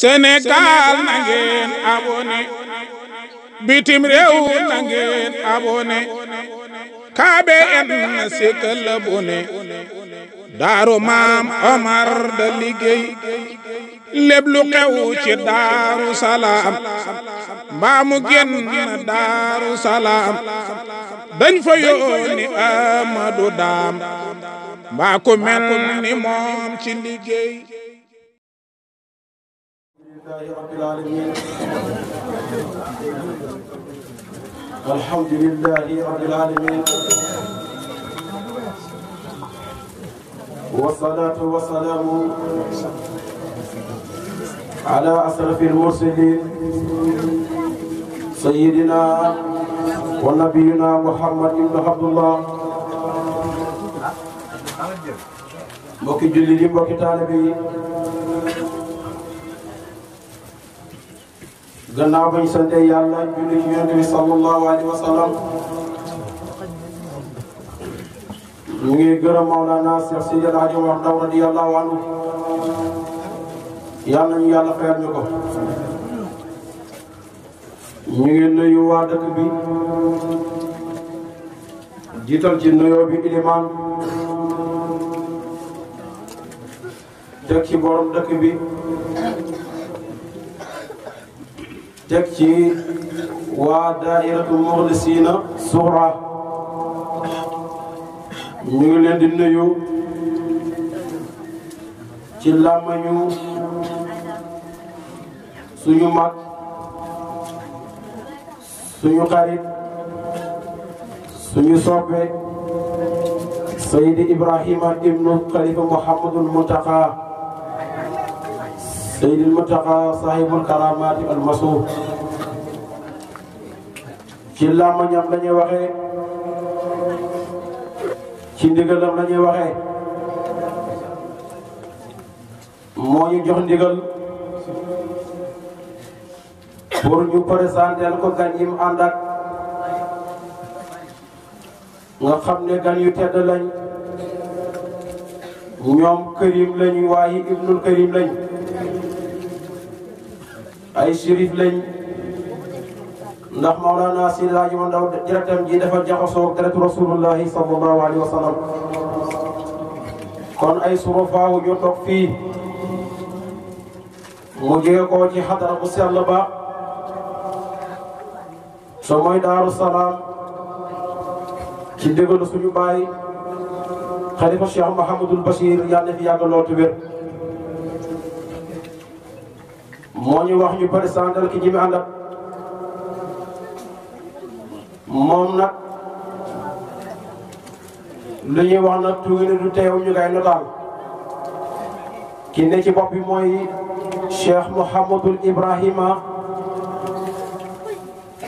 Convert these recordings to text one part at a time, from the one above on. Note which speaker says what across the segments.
Speaker 1: Sénégal na ngeen abonné bitim réew na ngeen abonné KBN na sikkal abonné daaru maam Omar da liggéey lépp lu ci daaru salaam mbaa mu dañ fa yónni Amadou Daam mbaa mel ni moom ci liggéey لله رب العالمين لله رب العالمين والصلاة والسلام على أشرف المرسلين سيدنا ونبينا محمد بن عبد الله mbokki julli yi mbokki gannaaw ba ñu sante yàlla julli ci yonent bi sallallahu alayhi wa sallam ñu ngi gërëm Mawlana Cheikh Sidi El Hadji Omar Ndaw radiyallahu anhu yàlla ñu yàlla fayal ñu ko ñu ngi nuyu waa dëkk bi jiital ci nuyoo bi ilimaan teg ci borom dëkk bi teg ci waa daairatul muxlisina suxra ñu ngi leen di nuyu ci làmmañu suñu mag suñu xarit suñu soppe Seydi Ibrahima ibnu Xalifa Muhammadul Muntaqa sayyidul mutaqa sahibul karamati al masuuf ci làmmañam la ñuy waxee ci ndigalam la ñuy waxee moo ñu jox ndigal pour ñu présenter ko gan yi mu ànd ak nga xam ne gan yu tedd lañ ñoom karim lañ waaye ibnul karim lañ ay shérif lañ ndax Mawlana Seydi El Hadji Omar Ndaw deretam ji dafa jaxasoo deretu rasulullahi sallallahu alayhi wa sallam kon ay surafaawu ñu toog fii mu jóge ko ci xadara bu sell ba so mooy daaru salaam ci déglu suñu baay xalifa Cheikh Mouhamadul Bachir yàlla na fi yàgg lool wér moo ñu wax ñu bari sandal ki jimi ànd ak moom nag lu ñuy wax nag tuuti na du teew ñu koy ki ne ci bopp bi mooy Cheikh Mouhamadul Ibrahima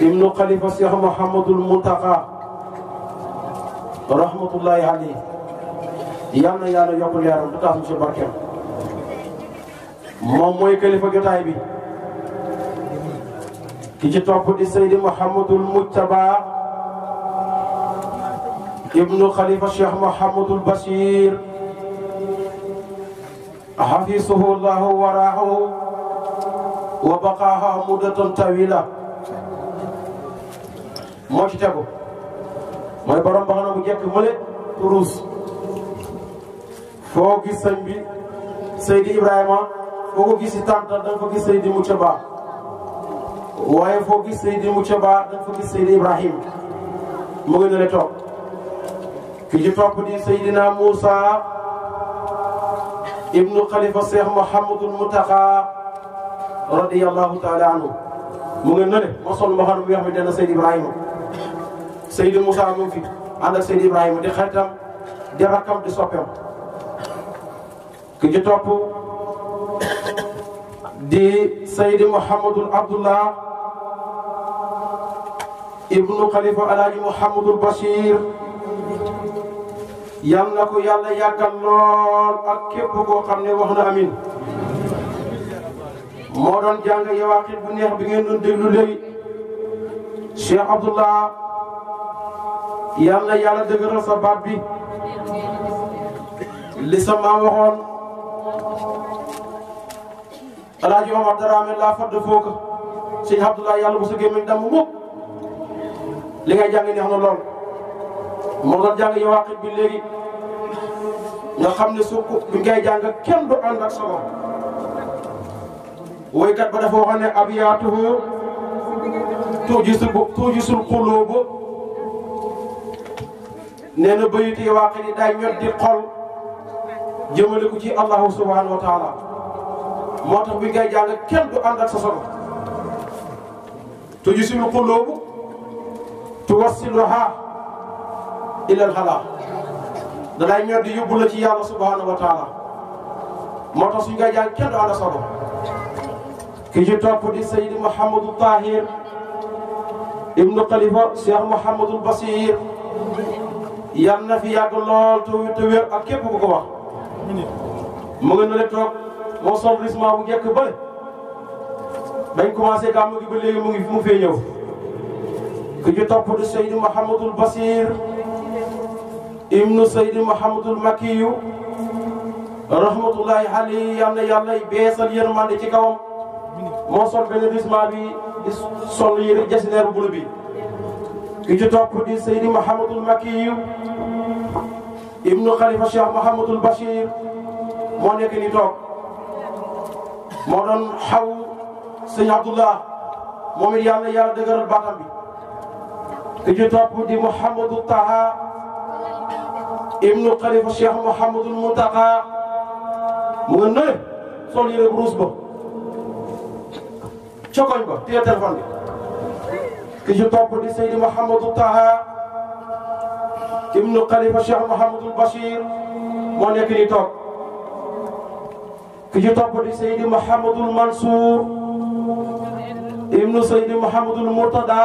Speaker 1: ibnu Khalifa Cheikh Mouhamadul Mountakha rahmatullahi alayhi yal na yàlla yokk leeram bu taas mu ci barkeem موم موي خليفه غتاي بي كي تي توپ محمد المجتبى ابن خليفه الشيخ محمد البشير حفظه الله وراه وبقاها مدة طويلة موش تابو موي بروم باخنا بو جيك مله تروس فوكي سنبي ابراهيم boo ko gis si tàntal da nga fa gis Seydi Mucca Ba waaye foo gis Seydi Mucca Ba da nga fa gis Seydi Ibrahim mu ngi ne le toog ki ci topp di Seydina Moussa ibnu Khalifa Cheikh Mouhamadul Mountakha radiyallahu taala anhu mu ngi ne le ma sol ma xam ne bu weex bi dana Seydi Ibrahima Seydi Moussa mu ngi fi ànd ak Seydi Ibrahima di xaritam di rakkam di soppeem ki ci topp. دي سيد محمد عبد الله ابن خليفة علي محمد البشير يالنا كو يالا يا كنول اك كيب امين مودون جانغ يا واخيت بو نيه بي شيخ عبد الله يالنا يالا دغرا سا باب بي alaaji Omar Dramé laa fadd foo ko sëñ Abdoulaye yàlla bu sa gémmiñ damm mukk li ngay jàng neex na lool moo doon jàng yow bi léegi nga xam ne su bi ngay jàng kenn du ànd ak sabab woykat ba dafa waxoon ne abiyaatuhu tuujisul bu tuujisul xuluubu nee na bayit yi yi day ñot di xol jëmale ko ci allahu subhanahu wa taala moo tax buñ koy jàng kenn du ànd ak sa soxla tujusimul quluubu tuwassiluha ilal xalaa dalay ñor di yóbbu la ci yàlla subhaanahu wa taala moo tax suñ koy jàng kenn du ànd ak sa soxla ki ci topp di Seydi Mouhamadou Tahir ibnu Khalifa Cheikh Mouhamadou Basir yal na fi yàgg lool te wér ak képp ku ko wax mu ngi ne toog مصر رسمة وجاكبل بينكما سيقام بليل مفينو كيوتو قد سيد محمد البصير ابن سيد محمد المكيو رحمة الله علي أنا يا الله بيس اليرم أنا تكاوم مصر بين الرسمة بي صلير جسنا ربولبي كيوتو قد سيد محمد المكيو ابن خليفة الشيخ محمد البصير مونيك نيتوك moo doon xaw sëñ Abdullah moom it yàlla yàlla dëgëral baatam bi ki ci topp di Mouhamadou Taha ibnu Khalifa Cheikh Mouhamadou Mountakha mu nga nële sol yëre brousse ba cokoñ ba téye téléphone bi ki ci topp di Seydi Mouhamadou Taha u Khalifa Cheikh Mouhamadou Bachir moo nekk nii toog ki ci topp di Seydi Mouhamadul Mansour ibnu Seydi Mouhamadul Mourtada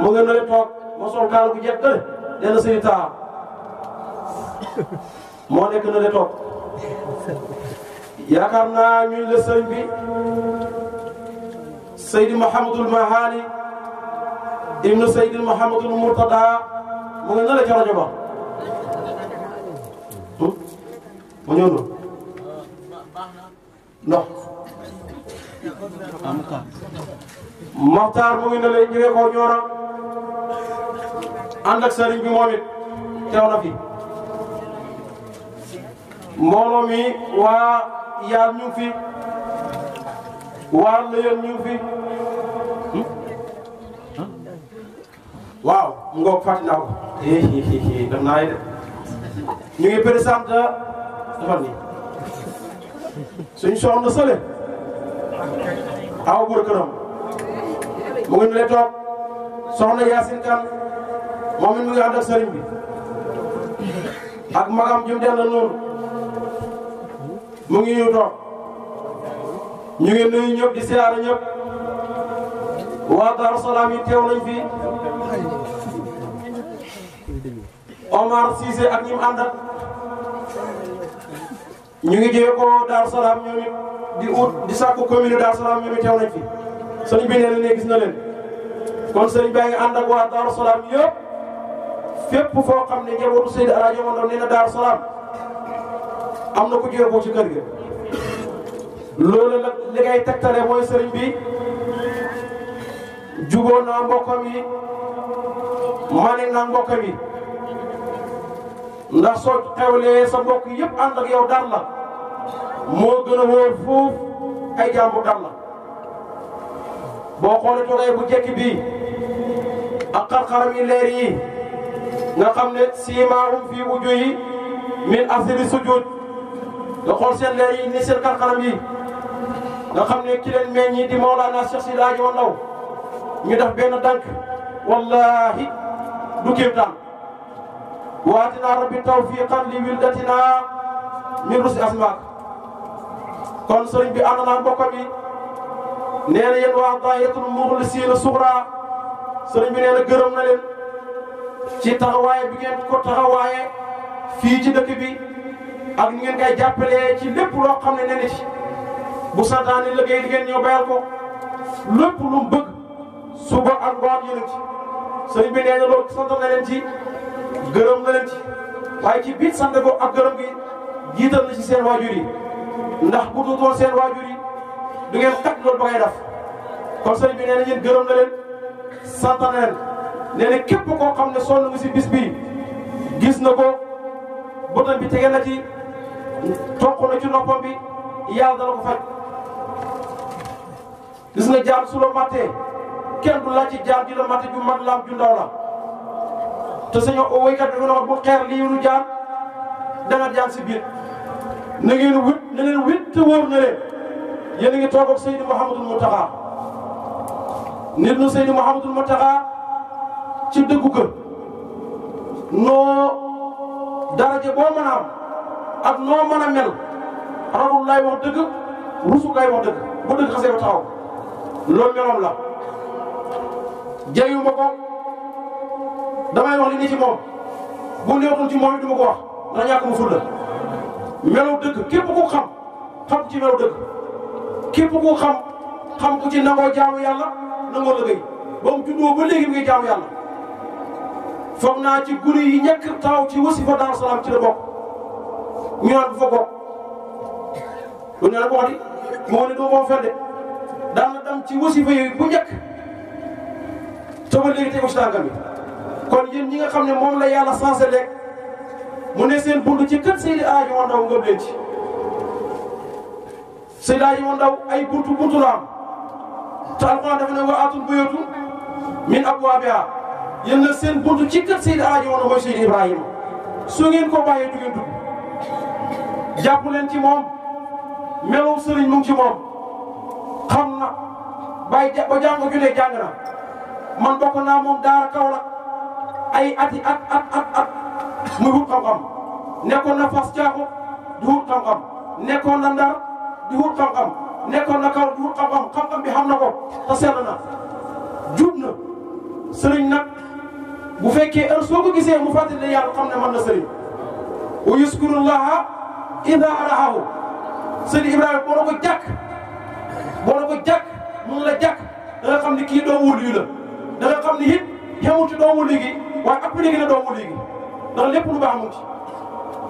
Speaker 1: mu ngi nuyu toog ma sol kaal gu jekk dana suy taa moo nekk na le toog yaakaar naa ñuy la sëñ bi Seydi Mouhamadul Mahali ibnu Seydi Mouhamadul Mourtada mu ngi na le ca rajo ba hmm? mu ñëw ndox Moxtaar mu ngi ne la jóge ko Nioro ak sëriñ bi moom it teew na fi mbooloo mi waa yaar ñu fi waa Léone ñu ngi fi waaw ngoog fàttali naa ko def de ñu ngi présenté suñ soxna sële aw buur këram mu ngi nulee toog soxna Yaasin Kan moom it mu ngi ànd ak sëriñ bi ak magam jum den na noonu mu ngi ñu toog ñu ngi nuyu ñëpp di siyaara ñëpp waa Daaru yi teew nañ fi Omar Cissé ak ñi ànd ak ñu ngi jiyee ko Darou Salaam di ut di sàkku commune Darou Salaam ñoom it teew nañ fi sëriñ bi nee na ne gis na leen kon sëriñ baa ngi ànd ak waa Darou fépp foo xam ne njabootu Seydi El Hadji Omar Ndao nee na mooy sëriñ bi juboo naa mbokkam yi mane naa mbokkam yi ndax soo xewlee sa mbokk yëpp ànd ak yow daan مودنا ورفوف أي جام بدلا بقول تقول أبو جكبي أقر قرم إلري نقم سيماهم في وجوهي من أثر السجود نقول سن لري نسر قر قرم إلري نقم نكيل المني دي مولا ناسر سلاج ونو ندف بين دنك والله نكيب دان واتنا ربي توفيقا لولدتنا من رسل أسماك kon sëriñ bi ànd naa mbokk mi nee na yéen waa daayatul muxlisiina suxra sëriñ bi nee gërëm na leen ci taxawaay bi ngeen ko taxawaaye fii ci dëkk bi ak ni ngeen kay jàppalee ci lépp loo xam ne ne ci bu santaane liggéey di ngeen ñëw bayal ko lépp lu mu bëgg suba ak ngoon yéen sëriñ bi nee na loolu sant na leen ci gërëm na leen ci waaye ci biir sant ko ak gërëm gi jiital na ci seen waajur yi. ndax bu dul woon seen waajur yi du ngeen tag loolu ba ngay def kon sëriñ bi nee na ñun na leen sant na képp koo xam ne sonn nga si bis bi gis na ko bëtam bi tege na ci toq na ci noppam bi yàlla dana ko faj gis nga jaar su la kenn du laaj ci jaar di la matte ju mag laam ju la te sañoo woykat bi nga ne bu xeer lii nu jaar danga jaar si biir na ngeen wét na leen wét te wóor na leen yéen a ngi toog ak Seydou Mouhamadul Mountakha nit ñu Seydou Mouhamadul ci dëggu kër noo daraja boo mën ak noo mën mel rabu laay wax dëgg rusu laay wax dëgg bu dëgg xasee ba taxaw loolu meloom la jeyuma ko damay wax li ni ci moom bu neexul ci moom it du ko wax ndax ñàkk ma fulla melaw dëkk képp ku xam xam ci melaw dëkk képp ku xam xam ku ci nangoo jaamu yàlla nangoo liggéey ba mu juddoo ba léegi mi ngi jaamu yàlla foog naa ci guri yi ñekk taw ci wasifa Daaru ci la bokk ñu naan bu fa bokk lu ne la di moo ne doo moo fedde daan ci wasifa yooyu bu njëkk te ba léegi tegu ci tànkam yi kon yéen ñi nga xam ne moom la yàlla sensé léegi mu ne seen bunt ci kër Seydi Aji Omar Ndaw ngëb leen ci Seydi Aji Omar ay buntu buntu la am te alxuraan dafa ne wa atul buyutu min abwaabiha yéen nag seen buntu ci kër Seydi Aji Omar Ndaw mooy Seydi Ibrahima ngeen ko bàyyee du ngeen dugg ci moom melow sëriñ mu ci moom xam na bàyyi ba jàng julee jàng na man bokk naa moom daara kaw ay ati at at at at muy wut xam-xam nekkoon na fas caaxu di wut xam-xam nekkoon na ndar di wut xam-xam nekkoon na kaw di xam-xam xam bi xam na ko te sell na jub na sëriñ nag bu fekkee heure soo ko gisee mu fàttali ne yàlla xam ne mën na sëriñ wa yuskurullaha ida arahahu sëriñ Ibrahima boo na ko jàkk boo na ko mun la jàkk da xam ne kii doomu wul yu la da nga xam ne ci doomu léegi waaye appliqué na ndax lépp lu baax mu ci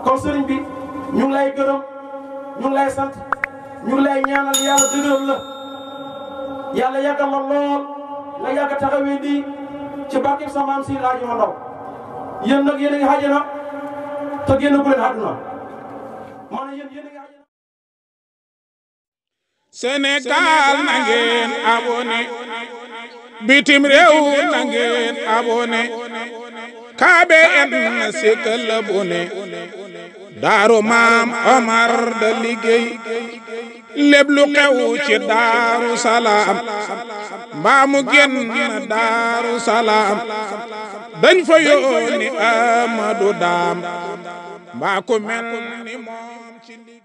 Speaker 1: kon bi ñu ngi lay gërëm ñu ngi lay sant ñu ngi lay ñaanal la yàlla yàggal la lool nga yàgg taxawee di ci barkeb sa maam si laaj ma ndaw yéen nag yéen a ngi xajana te génn ku leen àdduna maanaam yéen yéen a ngi xajana. Sénégal na ngeen abonné bitim réew na ngeen abonné. kaabe en sikala bone daaru maam omar da liggéey lépp lu xew ci daaru salaam mbaa mu génn daaru salaam dañ fa yóoni amadu daam mbaa ku mel ni moom ci